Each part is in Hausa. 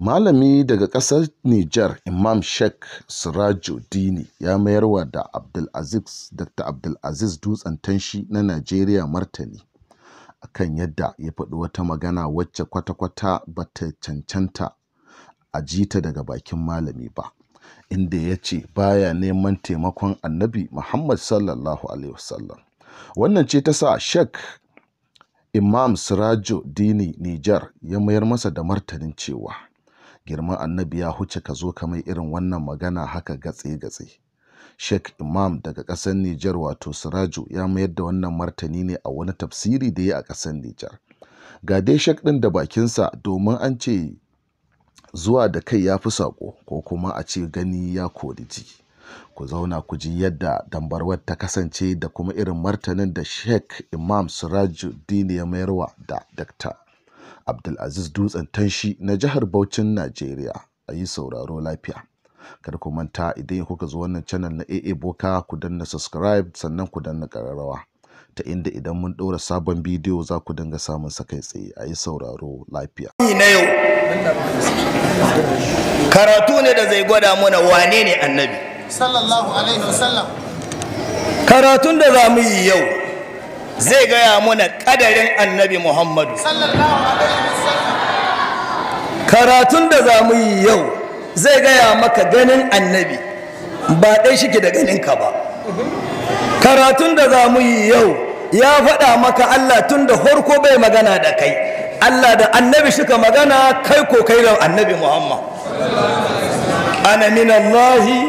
Malami daga ƙasar Nijar Imam Sheikh Sirajo Dini ya mayarwa da Dr. Abdulaziz Dutsen Tanshi na Najeriya martani a kan yadda ya faɗi wata magana wacce kwata-kwata ba ta cancanta a jita daga bakin malami ba, inda ya ce baya neman taimakon Annabi Muhammad Sallallahu Alaihi Wasallam. Wannan ce ta sa Sheikh Imam Sirajo Dini Nijar ya mayar masa da martanin cewa girman annabi ya huce ka zo ka mai irin wannan magana haka gatse-gatse sheikh imam daga ƙasar nijar wato siraju ya mayar da wannan martani ne a wani tafsiri da ya a ƙasar nijar ga dai shek ɗin da bakinsa domin an ce zuwa da kai ya fi saƙo ko kuma a ce gani ya kori ji ku zauna ku ji yadda dambarwar ta kasance da kuma irin martanin da sheikh imam siraju dini ya mayarwa da dakta Abdulaziz Dutsen Tanshi na jihar Bauchin Najeriya. A yi sauraro lafiya. Kada ku manta idan kuka zo wannan channel na AA Boka ku danna subscribe sannan ku danna ƙararrawa. ta inda idan mun ɗora sabon bidiyo za ku dinga samun sa kai tsaye a yi sauraro lafiya. Na yau karatu ne da zai gwada mana wane ne annabi. Sallallahu Alaihi Wasallam. Karatun da za mu yi yau zai gaya muna ƙadarin annabi muhammadu karatun da za mu yi yau zai gaya maka ganin annabi ba ɗai shike da ganinka ba karatun da za mu yi yau ya faɗa maka allah tun da farko bai magana da kai allah da annabi shika magana kai ko kai da annabi muhammad ana min allahi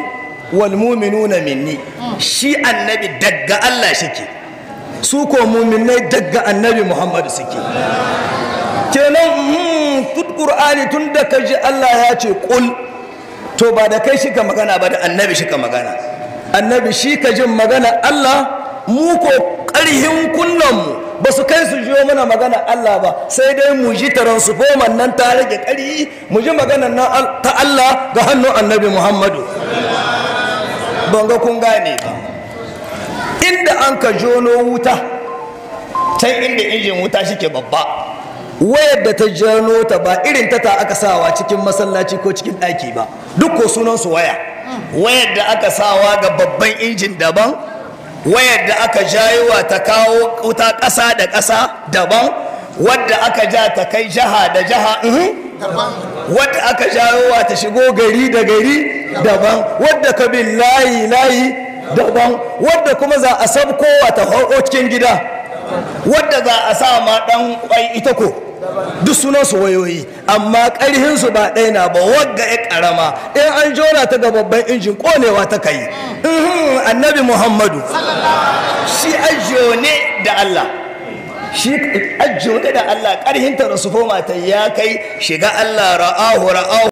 wal mu'minuna minni shi annabi daga allah shike su ko muminai daga annabi muhammadu suke kenan hmm, tun ƙur'ani tun da ka ji allah ya ce kul to ba da kai shi ka magana ba da annabi shi ka magana annabi shi ka jin magana allah mu ko karhin kunnanmu ba su kai su jiyo mana magana Allah ba sai dai mu ji taron su foman nan ta rage ƙari mu ji magana ta Allah ga hannun annabi Muhammadu ban ga kun gane ba inda an ka jono wuta can inda injin wuta shike babba wayar da ta jano ta ba irin ta ta aka sawa cikin masallaci ko cikin ɗaki ba duk ko sunansu waya wayar da aka sawa ga babban injin daban wayar da aka jayowa ta kawo wuta ƙasa da ƙasa daban wadda aka ja ta kai jaha da jaha uhm, wadda aka jayowa ta shigo gari da gari daban wadda ka bin layi layi daban wadda kuma za a kowa ta horo cikin gida wadda za a sa ma dan kwai ita ko duk sunan su wayoyi amma karhin su ba ɗaya na ba wagga ya ƙarama in an jona ta ga babban injin konewa ta kai uhm, annabi muhammadu shi ajiyone da allah shi ajiyone da allah karhin ta rasu foma ta ya kai shiga allah ra'ahu ra'ahu